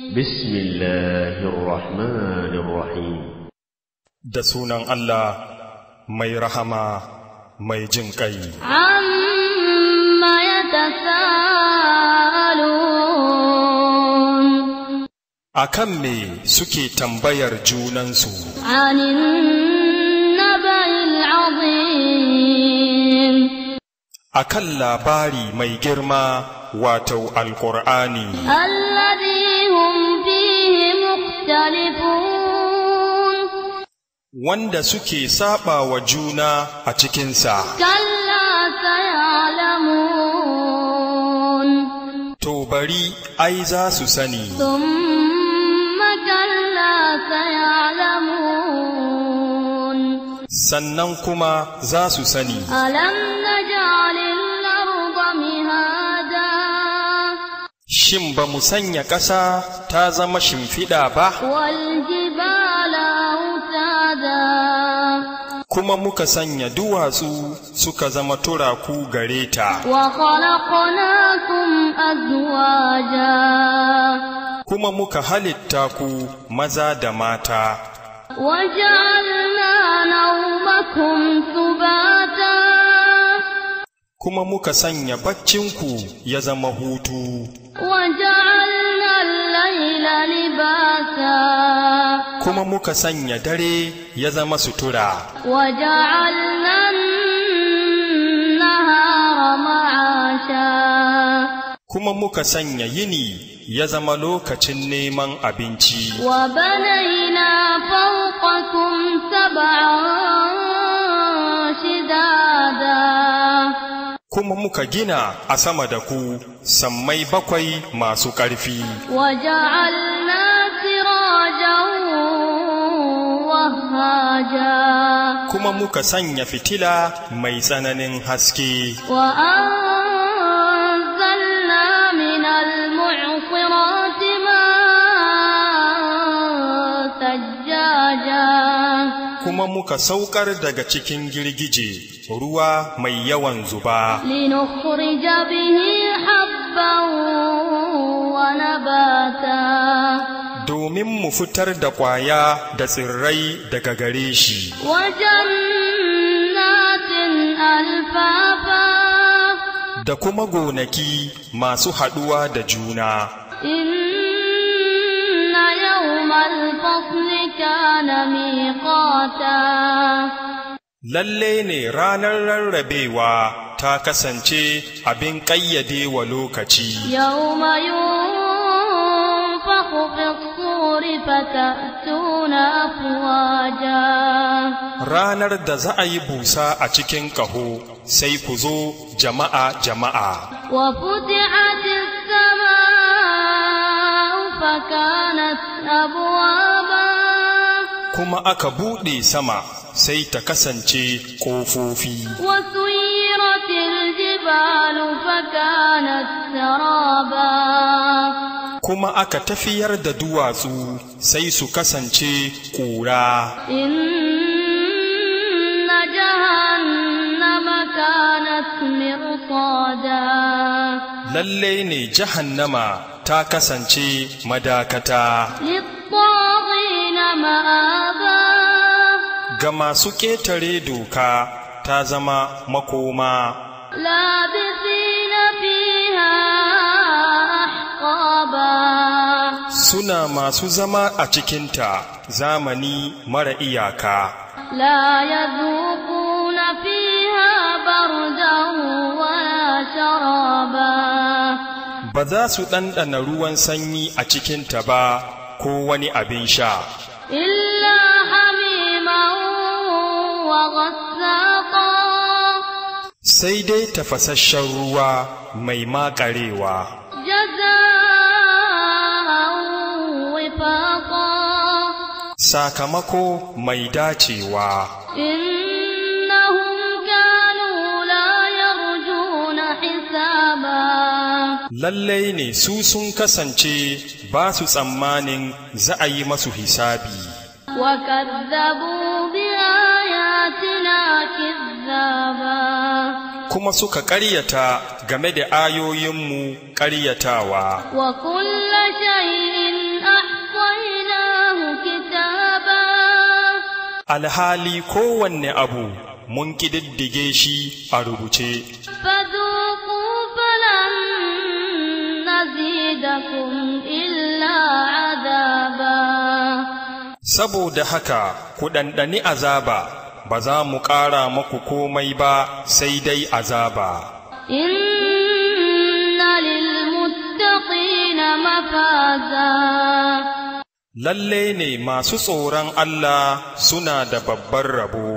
بسم الله الرحمن الرحيم da sunan Allah mai rahama mai jin kai amma yatasalun akan me suke tambayar junansu anin naba'il azim akan labari mai girma wato alqur'ani alladhi يختلفون wanda suke saba wa juna a cikinsa. Kalla sayalamun. To bari ai za su sani. Thumma kalla sayalamun. Sannan kuma za su sani. Alam na shin ba mu sanya ƙasa ta zama shimfiɗa ba kuma muka sanya duwatsu suka zama turaku gare ta kuma muka halitta ku maza da mata kuma muka sanya baccinku ya zama hutu libasa kuma muka sanya dare ya zama sutura wa ja'alna nahara ma'asha kuma muka sanya yini ya zama lokacin neman abinci wa banaina fawqakum sab'an shidada kuma muka gina a sama da ku sammai bakwai masu ƙarfi. Waje'al Kuma kuma muka sanya fitila mai tsananin haske wa anzalna min al-mu'qirat tajaja kuma muka saukar daga cikin girgije ruwa mai yawan zuba linukhrij bihi habban domin mu fitar da ƙwaya da tsirrai daga gare shi. Wajen alfafa. Da kuma gonaki masu haɗuwa da juna. Inna yawmal fasli kana miqata. Lalle ne ranar rarrabewa ta kasance abin ƙayyade wa lokaci. Yawma yunfakhu fi Ranar da za a yi busa a cikin ƙaho sai ku zo jama'a jama'a. Wa futi'atis sama fakanat ba. Kuma aka buɗe sama sai ta kasance ƙofofi. Wasu yi jibalu fakanat saraba. kuma aka tafiyar da duwatsu sai su kasance ƙura inna jahannama kanat mirsada lalle ne jahannama ta kasance madakata lit na ma'aba ga masu ƙetare doka ta zama makoma labi suna masu zama a cikinta zamani mara iyaka la yadhuquna fiha wa wala sharaba ba za su ɗanɗana ruwan sanyi a cikinta ba ko wani abin sha illa hamiman wa sai dai tafasasshen ruwa mai maƙarewa. sakamako mai dacewa lallai ne su sun kasance ba su tsammanin za a yi masu hisabi kuma suka ƙaryata game da ayoyinmu ƙaryatawa wa kulla shayi. alhali kowanne abu mun ƙididdige shi a rubuce. Saboda haka ku ɗanɗani azaba, ba za mu ƙara maku komai ba sai dai azaba. Inna lil na mafaza lalle ne masu tsoron Allah suna da babban rabo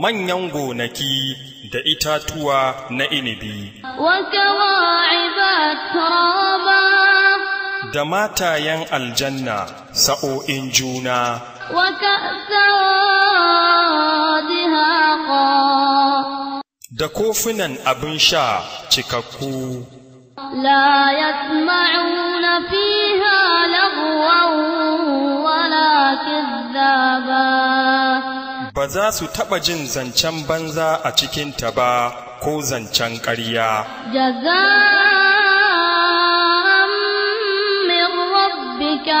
manyan gonaki da itatuwa na inibi da matayen aljanna sa'o'in juna wa da kofunan abin sha cikakku. La yasma'una fiha lagwan wala Ba za su taɓa jin zancen banza a cikinta ba ko zancen ƙarya. Jaza'an min rabbika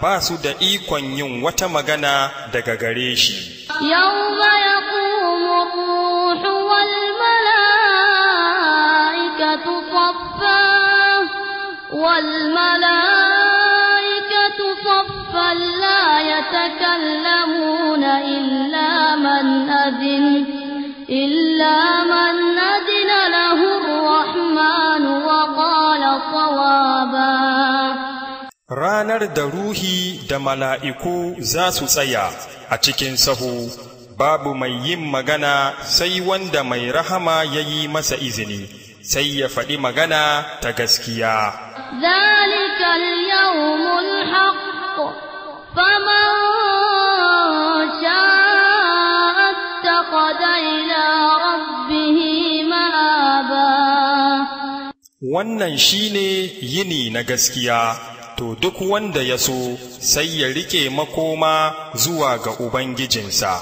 ba su da ikon yin wata magana daga gare shi yawma yaqumu ruhu wal malaikatu saffa wal malaikatu saffa la yatakallamuna illa man adin illa man adin ranar da ruhi da mala'iku za su tsaya a cikin sahu, babu mai yin magana sai wanda mai rahama ya yi masa izini, sai ya faɗi magana ta gaskiya. Zalikar yau mun haƙo, sha'a taqada ila rabbih ma'aba Wannan shine yini na gaskiya. to duk wanda ya so sai ya rike makoma zuwa ga Ubangijinsa.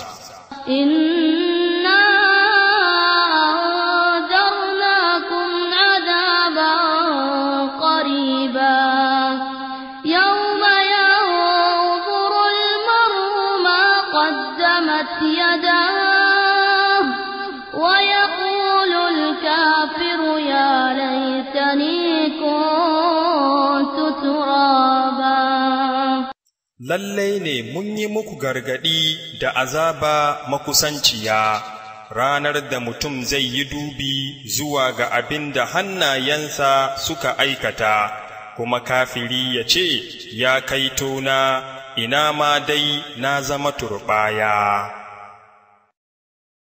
يداه ويقول الكافر يا ليتني lallai ne mun yi muku gargaɗi da azaba makusanciya ranar da mutum zai yi dubi zuwa ga abin da hannayensa suka aikata kuma kafiri ya ce ya kaito na ina ma dai na zama turɓaya.